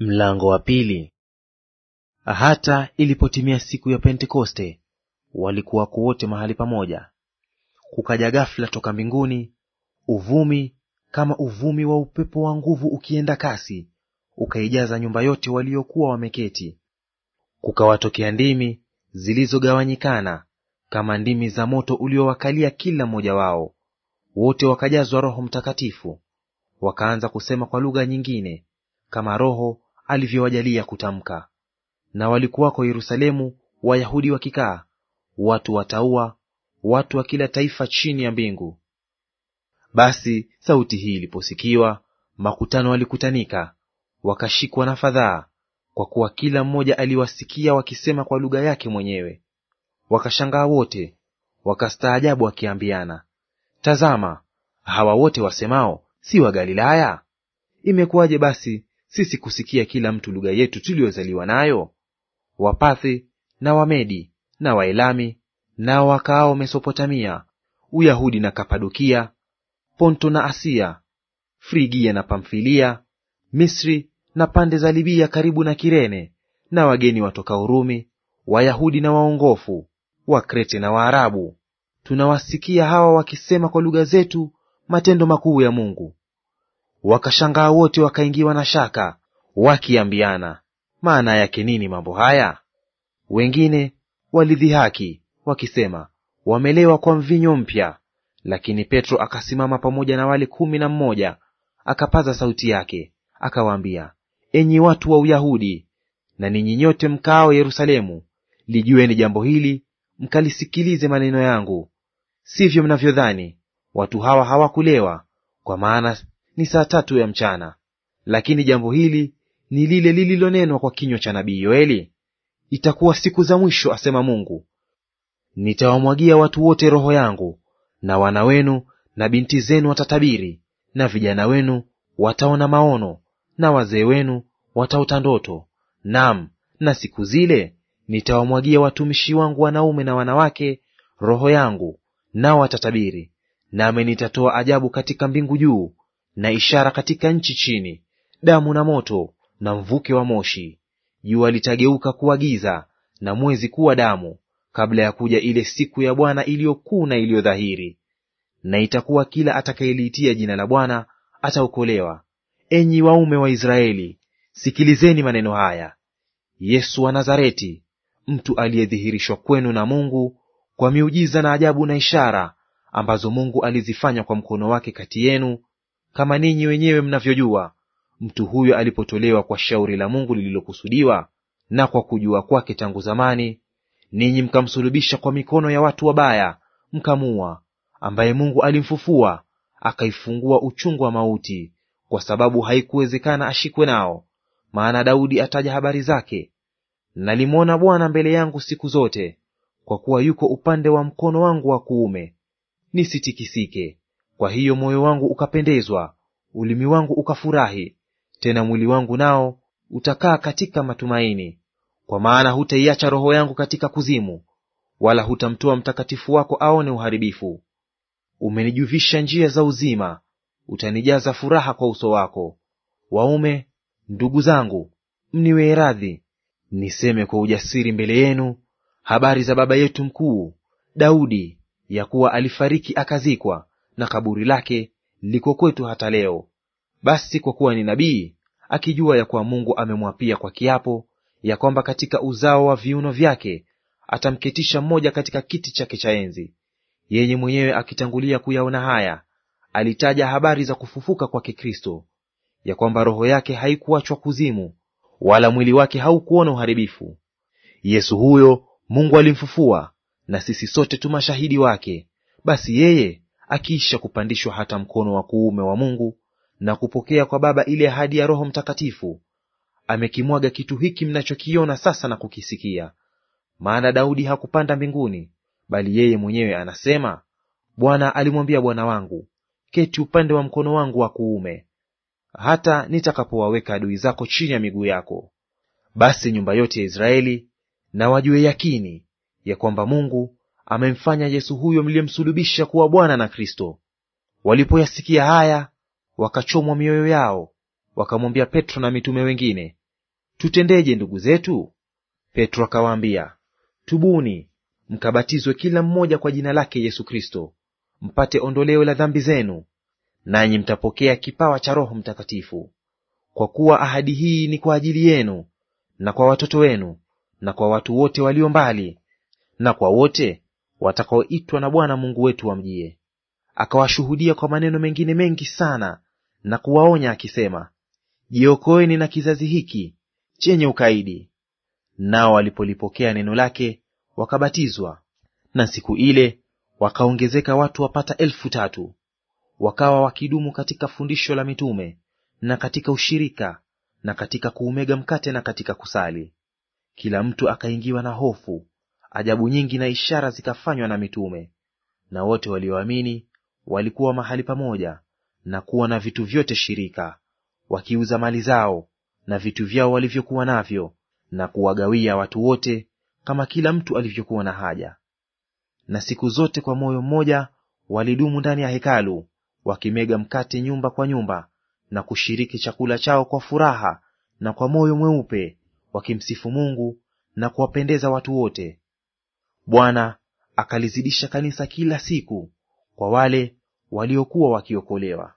Mlango wa pili. Hata ilipotimia siku ya Pentekoste, walikuwa wote mahali pamoja. Kukaja ghafula toka mbinguni uvumi kama uvumi wa upepo wa nguvu ukienda kasi, ukaijaza nyumba yote waliokuwa wameketi. Kukawatokea ndimi zilizogawanyikana kama ndimi za moto uliowakalia kila mmoja wao. Wote wakajazwa Roho Mtakatifu, wakaanza kusema kwa lugha nyingine kama Roho alivyowajalia kutamka. Na walikuwako Yerusalemu Wayahudi wakikaa, watu wataua, watu wa kila taifa chini ya mbingu. Basi sauti hii iliposikiwa, makutano walikutanika, wakashikwa na fadhaa, kwa kuwa kila mmoja aliwasikia wakisema kwa lugha yake mwenyewe. Wakashangaa wote, wakastaajabu, wakiambiana, tazama, hawa wote wasemao si wa Galilaya? Imekuwaje basi sisi kusikia kila mtu lugha yetu tuliyozaliwa nayo? Wapathi na Wamedi na Waelami nao wakaao Mesopotamia, Uyahudi na Kapadokia, Ponto na Asia, Frigia na Pamfilia, Misri na pande za Libia karibu na Kirene, na wageni watoka Urumi, Wayahudi na waongofu, Wakrete na Waarabu, tunawasikia hawa wakisema kwa lugha zetu matendo makuu ya Mungu. Wakashangaa wote, wakaingiwa na shaka, wakiambiana, maana yake nini mambo haya? Wengine walidhihaki wakisema, wamelewa kwa mvinyo mpya. Lakini Petro akasimama pamoja na wale kumi na mmoja, akapaza sauti yake akawaambia, enyi watu wa Uyahudi na ninyi nyote mkaao Yerusalemu, lijueni jambo hili, mkalisikilize maneno yangu. Sivyo mnavyodhani, watu hawa hawakulewa, kwa maana ni saa tatu ya mchana. Lakini jambo hili ni lile lililonenwa kwa kinywa cha nabii Yoeli, itakuwa siku za mwisho, asema Mungu, nitawamwagia watu wote roho yangu, na wana wenu na binti zenu watatabiri, na vijana wenu wataona maono, na wazee wenu wataota ndoto. Naam, na siku zile nitawamwagia watumishi wangu wanaume na wanawake roho yangu, nao watatabiri. Nami nitatoa ajabu katika mbingu juu na ishara katika nchi chini, damu na moto na mvuke wa moshi. Jua litageuka kuwa giza na mwezi kuwa damu, kabla ya kuja ile siku ya Bwana iliyokuu na iliyo dhahiri. Na itakuwa kila atakayeliitia jina la Bwana ataokolewa. Enyi waume wa Israeli, sikilizeni maneno haya. Yesu wa Nazareti, mtu aliyedhihirishwa kwenu na Mungu kwa miujiza na ajabu na ishara ambazo Mungu alizifanya kwa mkono wake kati yenu kama ninyi wenyewe mnavyojua, mtu huyo alipotolewa kwa shauri la Mungu lililokusudiwa na kwa kujua kwake tangu zamani, ninyi mkamsulubisha kwa mikono ya watu wabaya, mkamua, ambaye Mungu alimfufua akaifungua uchungu wa mauti, kwa sababu haikuwezekana ashikwe nao. Maana Daudi ataja habari zake, nalimwona Bwana mbele yangu siku zote, kwa kuwa yuko upande wa mkono wangu wa kuume, nisitikisike. Kwa hiyo moyo wangu ukapendezwa, ulimi wangu ukafurahi, tena mwili wangu nao utakaa katika matumaini. Kwa maana hutaiacha roho yangu katika kuzimu, wala hutamtoa mtakatifu wako aone uharibifu. Umenijuvisha njia za uzima, utanijaza furaha kwa uso wako. Waume ndugu zangu, mniwee radhi, niseme kwa ujasiri mbele yenu habari za baba yetu mkuu Daudi, ya kuwa alifariki akazikwa, na kaburi lake liko kwetu hata leo. Basi kwa kuwa ni nabii, akijua ya kuwa Mungu amemwapia kwa kiapo ya kwamba katika uzao wa viuno vyake atamketisha mmoja katika kiti chake cha enzi, yeye mwenyewe akitangulia kuyaona haya, alitaja habari za kufufuka kwake Kristo, ya kwamba roho yake haikuachwa kuzimu, wala mwili wake haukuona uharibifu. Yesu huyo Mungu alimfufua, na sisi sote tu mashahidi wake. Basi yeye akiisha kupandishwa hata mkono wa kuume wa Mungu na kupokea kwa Baba ile ahadi ya Roho Mtakatifu, amekimwaga kitu hiki mnachokiona sasa na kukisikia. Maana Daudi hakupanda mbinguni, bali yeye mwenyewe anasema, Bwana alimwambia Bwana wangu, keti upande wa mkono wangu wa kuume, hata nitakapowaweka adui zako chini ya miguu yako. Basi nyumba yote ya Israeli na wajue yakini ya kwamba Mungu amemfanya Yesu huyo mliyemsulubisha kuwa Bwana na Kristo. Walipoyasikia haya, wakachomwa mioyo yao, wakamwambia Petro na mitume wengine, tutendeje ndugu zetu? Petro akawaambia, tubuni mkabatizwe kila mmoja kwa jina lake Yesu Kristo, mpate ondoleo la dhambi zenu, nanyi mtapokea kipawa cha Roho Mtakatifu, kwa kuwa ahadi hii ni kwa ajili yenu na kwa watoto wenu na kwa watu wote walio mbali, na kwa wote watakaoitwa na Bwana Mungu wetu wamjie. Akawashuhudia kwa maneno mengine mengi sana na kuwaonya akisema, jiokoeni na kizazi hiki chenye ukaidi. Nao walipolipokea neno lake wakabatizwa, na siku ile wakaongezeka watu wapata elfu tatu. Wakawa wakidumu katika fundisho la mitume na katika ushirika na katika kuumega mkate na katika kusali. Kila mtu akaingiwa na hofu ajabu nyingi na ishara zikafanywa na mitume. Na wote walioamini walikuwa mahali pamoja na kuwa na vitu vyote shirika, wakiuza mali zao na vitu vyao walivyokuwa navyo, na kuwagawia watu wote kama kila mtu alivyokuwa na haja. Na siku zote kwa moyo mmoja walidumu ndani ya hekalu, wakimega mkate nyumba kwa nyumba, na kushiriki chakula chao kwa furaha na kwa moyo mweupe, wakimsifu Mungu na kuwapendeza watu wote. Bwana akalizidisha kanisa kila siku kwa wale waliokuwa wakiokolewa.